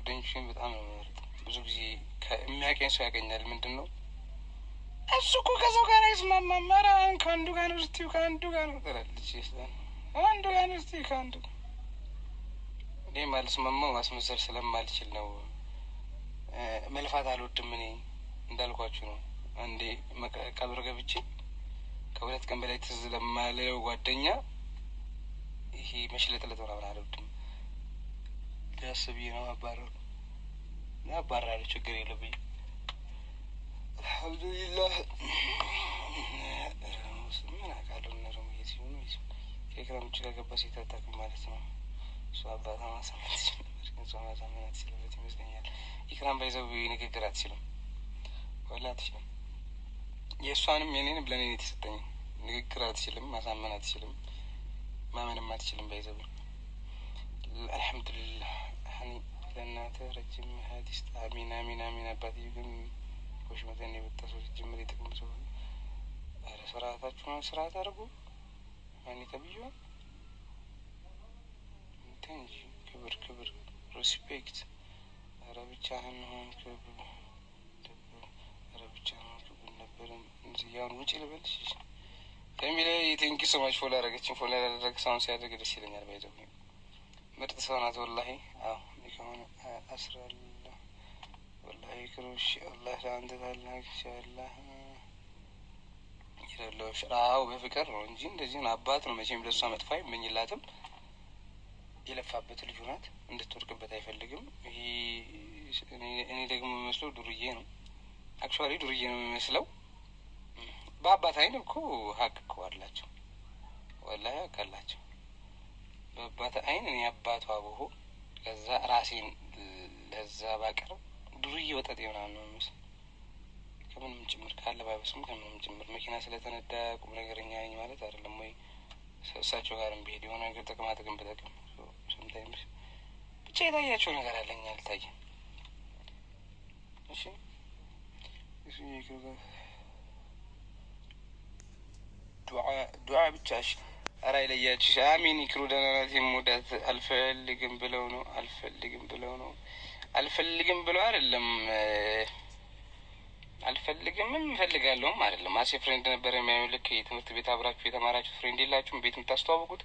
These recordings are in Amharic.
ጓደኞችን በጣም ነው የምመርጠው። ብዙ ጊዜ የሚያቀኝ ሰው ያገኛል። ምንድን ነው እሱ እኮ ከሰው ጋር አይስማማም። ኧረ አሁን ከአንዱ ጋር ነው ስትዪው ከአንዱ ጋር ነው ትላለች። አንዱ ጋር ነው ስትዪው ከአንዱ ጋር እኔ ማልስማማው ማስመሰል ስለማልችል ነው። መልፋት አልወድም። እኔ እንዳልኳችሁ ነው። አንዴ ቀብር ገብቼ ከሁለት ቀን በላይ ትዝ ለማለው ጓደኛ ይሄ መሽለጥለጥ ምናምን አልወድም። ደስ ብዬ ነው አባራ እና አባራለሁ። ችግር የለብኝ። አልሐምዱሊላህ ምን አውቃለሁ። እነረሙ ሲሆኑ ውጭ ከገባ ሴት አታውቅም ማለት ነው። እሱ ግን ማሳመን አትችልበት ይመስለኛል። ባይዘው ንግግር አትችልም፣ ወላ አትችልም። የእሷንም የተሰጠኝ ንግግር አትችልም፣ ማሳመን አትችልም፣ ማመንም አትችልም ባይዘው አልሐምዱሊላህ ለእናተ ረጅም ሀዲስ አሚን አሚን አሚን። አባትዬ ግን ወሽመተን የበጠሱ ጅምር የጥቅም ሰው ረ ስርአታችሁን ስርአት አድርጉ። ማን እንጂ ክብር ክብር ሪስፔክት። ረ ብቻ ክብር ረ ውጭ ልበልሽ ከሚለ ቴንኪ ሶማች ፎሎ ያደረገችን ፎሎ ያደረግ ሳሁን ሲያደርግ ደስ ይለኛል ባይዘ ምርጥ ሰው ናት። ወላሂ አዎ ሊከሆነ አስራለሁ ወላሂ ክሩሽ አላህ ለአንተ ታላቅ ሻላህ ይለለው ሽራው በፍቅር ነው እንጂ እንደዚህ አባት ነው መቼም ለሷ መጥፋ አይመኝላትም። የለፋበት ልጁ ናት እንድትወድቅበት አይፈልግም። ይሄ እኔ ደግሞ የሚመስለው ዱርዬ ነው። አክቹዋሊ ዱርዬ ነው የሚመስለው። በአባት አይን እኮ ሀቅ እኮ አላቸው። ወላሂ ሀቅ አላቸው። በአባተ አይን እኔ አባቷ አብሆ ለዛ ራሴን ለዛ ባቀርብ ዱርዬ ወጠጤ ምናምን ነው ምስል ከምንም ጭምር ካለባበስም ከምንም ጭምር መኪና ስለተነዳ ቁም ነገረኛ ነኝ ማለት አይደለም ወይ እሳቸው ጋር ቢሄድ የሆነ ነገር ጥቅማ ጥቅም ብጠቅም ሰምታይምስ ብቻ የታያቸው ነገር አለኝ አልታየም። እሺ ዱዓ ብቻ እሺ ራይ ለያች አሚን ይክሩ ሙደት አልፈልግም ብለው ነው አልፈልግም ብለው ነው አልፈልግም ብለው አይደለም አልፈልግም እንፈልጋለሁም አይደለም። አሴ ፍሬንድ ነበረ የሚያዩ ልክ የትምህርት ቤት አብራችሁ የተማራችሁ ፍሬንድ የላችሁም ቤት የምታስተዋውቁት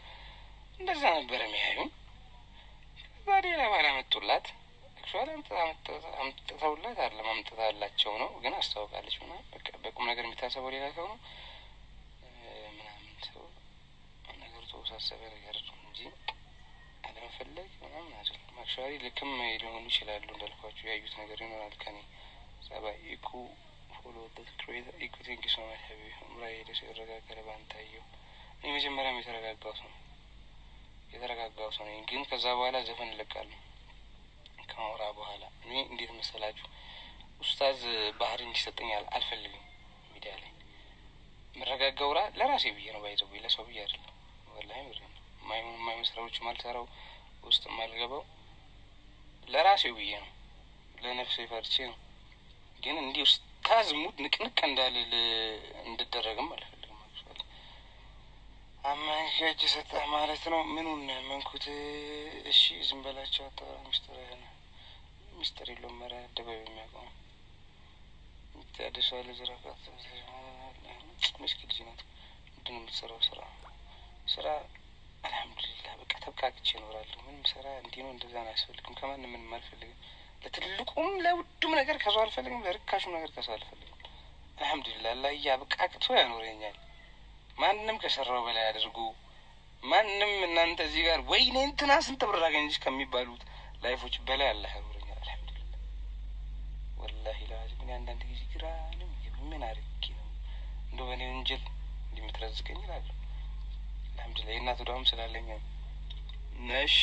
እንደዛ ነበረ የሚያዩ ዛሬ ለባል አመጡላት ሸል አምጥተውላት አይደለም አምጥታላቸው ነው ግን አስተዋውቃለች ምናምን በቁም ነገር የሚታሰበው ሌላ ሰው ነው ማሳሰቢያ ነገር ነው እንጂ አለመፈለግ ምናምን አይደለም። አክቹዋሊ ልክም ሊሆኑ ይችላሉ እንዳልኳቸው ያዩት ነገር ይኖራል። ከኔ ጸባይ ኢኩ ፎሎ ክሬተር ኢኩ ሶ ሶማች ሀቢ ምራ ሄደሽ የተረጋገረ ባንታየው እኔ መጀመሪያም የተረጋጋው ሰው የተረጋጋው ሰው ነኝ። ግን ከዛ በኋላ ዘፈን እለቃለሁ ከማውራ በኋላ እኔ እንዴት መሰላችሁ ኡስታዝ ባህሪ እንዲሰጠኝ አልፈልግም። ሚዲያ ላይ መረጋጋውራ ለራሴ ብዬ ነው ባይዘቡ ለሰው ብዬ አይደለም። ወላሂ ማለት ነው። የማይሆኑ ስራዎች ማልሰራው ውስጥ ማልገባው ለራሴ ብዬ ነው፣ ለነፍሴ ፈርቼ ነው። ግን እንዲህ ውስጥ ከዝሙት ንቅንቅ እንዳልል እንድደረግም አልፈልግም። አመንሸጅ ሰጠ ማለት ነው። ምኑን መንኩት? እሺ ዝም በላቸው። አጠራ ሚስጥር ያህል ሚስጥር የለውም። መሪያ ደበብ የሚያውቀው ሚስጢር አዲሷ ልጅ ረቃት ምስኪን ልጅ ናት። ምንድን ነው የምትሰራው ስራ ስራ አልሐምዱሊላ በቃ ተብቃቅቼ እኖራለሁ። ምንም ስራ እንዲህ ነው እንደዛ ነው አያስፈልግም። ከማንም ምንም አልፈልግም። ለትልቁም ለውዱም ነገር ከሰው አልፈልግም። ለርካሹም ነገር ከሰው አልፈልግም። አልሐምዱሊላ አላህ አብቃቅቶ ያኖረኛል። ማንም ከሰራው በላይ አድርጎ ማንም እናንተ እዚህ ጋር ወይኔ እንትና ስንት ብር አገኘች ከሚባሉት ላይፎች በላይ አላህ ያኖረኛል። አልሐምዱሊላ ወላሂ ለአዚም ምን አንዳንድ ጊዜ ግራ ምን አርጌ ነው እንደ በእኔ ወንጀል እንዲምትረዝቀኝ የምትረዝቀኝ አልሐምዱሊላህ የእናት ዱዓም ስላለኝ ነሽ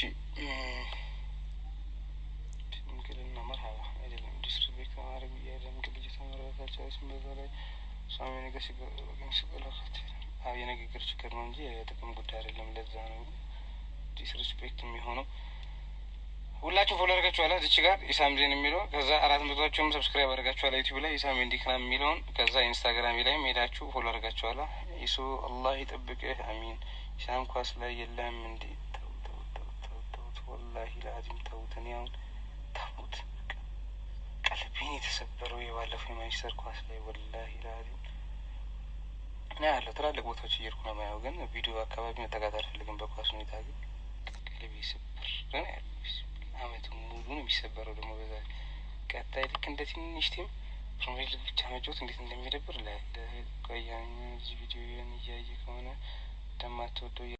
ድንግልና መርሀባ አይደለም ዲስሪቤክ ማድረግ እያለም ግብጅ ተመረታቸው ስም በዛ ላይ ሳሚ ነገር ሲበላበት የንግግር ችግር ነው እንጂ የጥቅም ጉዳይ አይደለም። ለዛ ነው ዲስሪስፔክት የሚሆነው። ሁላችሁ ፎሎ አድርጋችኋል እዚች ጋር ኢሳም ዜን የሚለው ከዛ አራት መቶዎቹም ሰብስክራይብ አድርጋችኋል ዩቲዩብ ላይ ኢሳም ኢንዲክና የሚለውን ከዛ ኢንስታግራም ላይም ሄዳችሁ ፎሎ አድርጋችኋል። ኢሱ አላህ ይጠብቅህ አሚን። ሻም ኳስ ላይ የለህም እንዴ? ተው ተው ተው ተው ተውት፣ ወላሂ ለአዚም ተውት። እኔ አሁን ተውት፣ ቀልቤን የተሰበረው የባለፈው የማንቸስተር ኳስ ላይ ወላሂ ለአዚም እኔ ያለው ትላልቅ ቦታዎች እየሄድኩ ነው ማየው፣ ግን ቪዲዮ አካባቢ መጠጋት አልፈልግም። በኳስ ሁኔታ ግን ቀልቤ ስብር ግን ያለ አመቱ ሙሉ ነው የሚሰበረው። ደግሞ በዛ ቀጣይ ልክ እንደ ትንሽ ቲም ፕሪሚየር ሊግ ብቻ መጫወት እንዴት እንደሚደብር ላይ ቆያ ቪዲዮ እያየ ከሆነ tematu tu